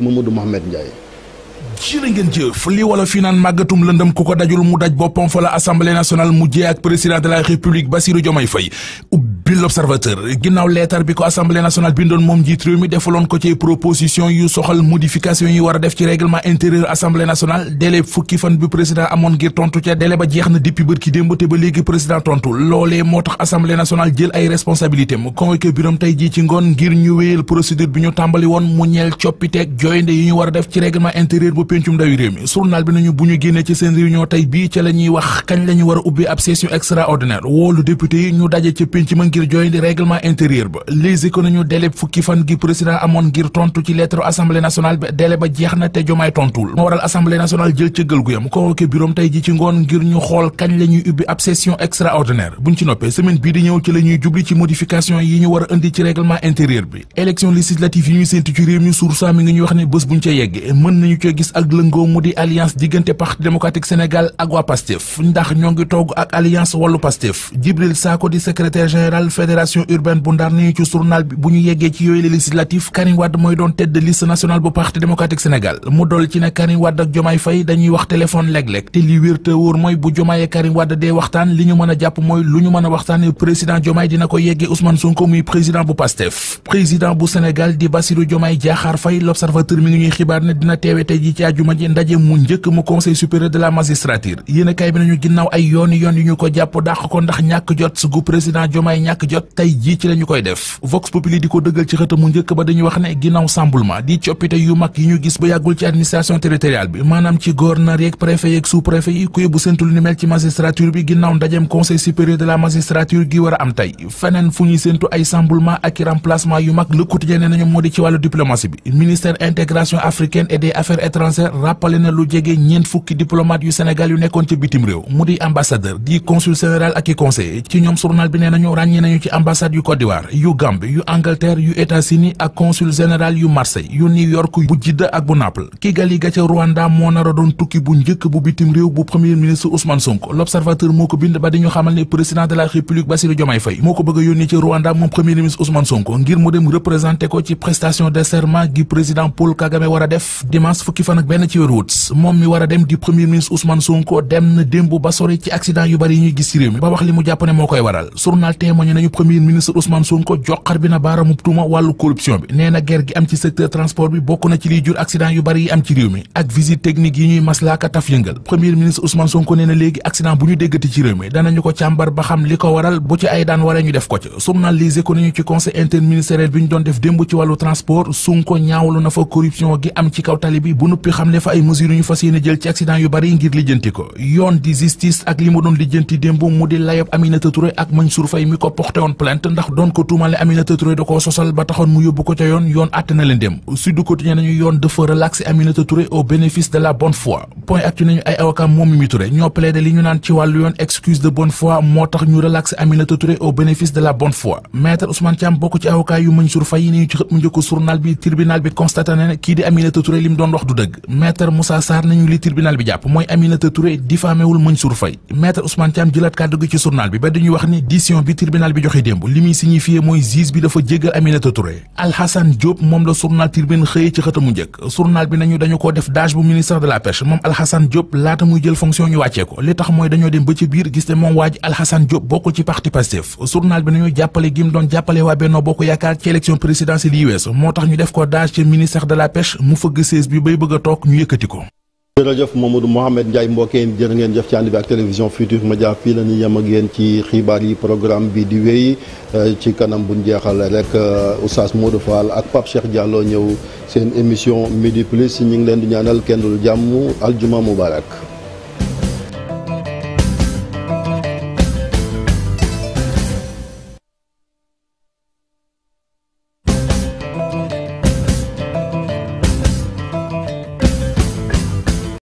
Mamadou Mohamed Ndiaye ci la ngeen jëf li wala fi naan màggatum lëndëm ku ko dajul mu daj boppam fa la assemblée nationale mujjee ak président de la république Bassirou Diomaye Faye ubbi l'observateur ginnaaw leetar bi ko assemblée nationale bindoon moom njiit réew mi defaloon ko ci proposition yu soxal modification yi war a def ci règlement intérieur assemblée nationale délai fukki fan bi président amoon ngir tontu ca délai ba jeex na depuis bërki démb te ba léegi président tontu loolee moo tax assemblée nationale jël ay responsabilité mu convoqué biram tey jii ci ngoon ngir ñu wéyal procédure bi ñu tàmbali woon mu ñeel coppiteeg jooynde a ngir jooyandi règlement intérieur ba Les Échos nañu délai fukki fan gi président amoon ngir tontu ci lettre assemblée nationale ba ba jeex na te jomaay tontuwul moo waral assemblée nationale jël cëggal gu yam convoqué bureau tey ji ci ngoon ngir ñu xool kañ la ubbi ab session extraordinaire buñ ci noppee semaine bii di ñëw ci la jubli ci modification yi ñu war a indi ci règlement intérieur bi élection législative yi ñuy séntu ci réew mi suur saa doon fédération urbaine bu Ndar ne ci journal bu ñu yeggee ci yooyu législatif Karim Wade mooy doon tête de liste nationale bu parti démocratique Sénégal mu dool ci ne Karim ak Jomaay Fay dañuy wax téléphone léeg-léeg te li wér mooy bu Jomaay ak dee waxtaan li ñu mën a jàpp mooy lu ñu mën a waxtaane président Jomaay dina ko yeggee Ousmane Sonko muy président bu Pastef président bu Sénégal di Bassirou Jomaay Diakhar Fay l'observateur mi ngi ñuy xibaar ne dina teewe tey ji ci àjjuma ji mu njëkk mu conseil supérieur la a kay bi nañu ginnaaw ay yu ñu ko jàpp dàq ko ndax ñàkk jot su gu président Jomaay ñàkk jot tey jii ci la koy def Vox Populi di ko dëggal ci xëtamu njëkk ba dañuy wax ne ginnaaw chamboulement di coppite yu mag yi ñu gis ba yàggul ci administration territoriale bi maanaam ci gouverneur yeeg préfet yeeg sous préfet yi ku yóbbu séntu lu ni ci magistrature bi ginnaaw ndajem conseil supérieur de la magistrature gi war am tey feneen fu ñuy séntu ay chamboulement ak i remplacement yu mag le ñeent fukki diplomate yu ak i conseiller ci ñoom wàññi nañu ci ambassade yu Côte d'Ivoire yu Gambie yu Angleterre yu États-Unis ak consul général yu Marseille yu New York bu Jidda ak bu Naples Kigali ga ca Rwanda moo nar a doon tukki bu njëkk bu bitim réew bu premier ministre Ousmane Sonko l'Observateur moo ko bind ba di ñu xamal ne président de la République Bassirou Diomaye Faye moo ko bëgg a yónni ci Rwanda moom premier ministre Ousmane Sonko ngir mu dem représenté ko ci prestation de serment gi président nañu nañu premier ministre Ousmane Sonko joxar bi na baaramu tuuma wàllu corruption bi nee na guerre gi am ci secteur transport bi bokk na ci liy jur accident yu bari yi am ci réew mi ak visite technique yi ñuy maslaaka taf yëngal premier ministre Ousmane Sonko nee na léegi accident bu ñu déggati ci réew mi danañu ko càmbar ba xam li ko waral bu ci ay daan waree ñu def ko ci sumnal les économies ci conseil interministériel bi ñu doon def démb ci wàllu transport Sonko ñaawlu na fa corruption gi am ci kaw tali bi bu nuppi xam ne fa ay mesures yu ñu fas yéene jël ci accident yu bari ngir lijjanti ko yoon di justice ak li mu doon lijjanti démb mu di layop Aminata Touré ak Mansour Faye mi ko porté woon plainte ndax doon ko tuumal ne Aminata da koo sosal ba taxoon mu yóbbu ko ca yoon yoon àtte na leen dem Sud Quotidien nañu yoon dafa relaxé Aminata Touré au bénéfice de la bonne point actu nañu ay avocat moom Mimi Touré ñoo li ñu naan ci wàllu yoon excuse de bonne moo tax ñu relaxé Aminata Touré au bénéfice de la bonne foi maître Ousmane bokk ci avocat yu Mansour Faye yi ni ci xët mu njëkk journal bi tribunal bi constaté journal bi joxe démb li muy signifié mooy juge bi dafa jéggal Aminata Touré Alhassane moom la journal Tribune xëyee ci xëtamu njëkk journal bi nañu dañu koo def dage bu ministre de la pêche moom Alhassane Diop laata muy jël fonction ñu wàccee ko li tax mooy dañoo dem ba ci biir gis ne moom waa ji Alhassane Diop bokkul ci parti Pastef journal bi nañu jàppale gi doon jàppale waa Benno Bokk Yaakaar ci élection présidentielle yi moo tax ñu def ko dage ci ministère de la ko jërëjëf Mamadou Mohamed Ndiaye mbokkeen jërë ngeen jëf ci ànd bi ak télévision Futur Média fii la ñu yem ak yéen ci xibaar yi programme bi di wéy euh, ci kanam buñ jeexal rek euh, Oustaz Modou Fall ak Pape Cheikh Diallo ñëw seen émission Midi Plus ñu ngi leen di ñaanal kenn dul jàmm aljuma mubarak